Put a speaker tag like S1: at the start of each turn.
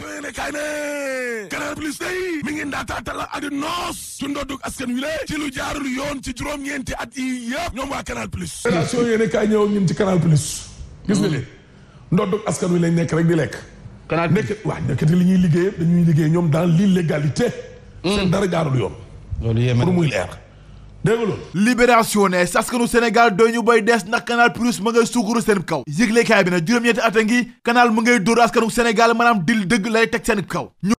S1: Libération yéene kaay ne Plus day mi ngi ndaataatal ak noos ci ndoddug askan wi le ci lu yoon ci juróom-ñeenti at yi yëpp ñoom waa Canal Plus Libération yéene kaay
S2: ñëw ñun ci Canal Plus gis nga mm. leen ndoddug askan wi lañ nekk rek di lekk Canal nekk waaw nekk li ñuy liggéey dañuy liggéey ñoom dans l'illégalité mm. seen dara jaarul yoon
S3: pour muy leer dégg loolu libération ne saskanu sénégal doy ñu bay des ndax canal plus ma ngay suukuru seen kaw yëglekaay bi na juróom-ñetti at a ngi canal mu ngay dóor askanu sénégal maanaam
S4: dil dëgg lay teg seen kaw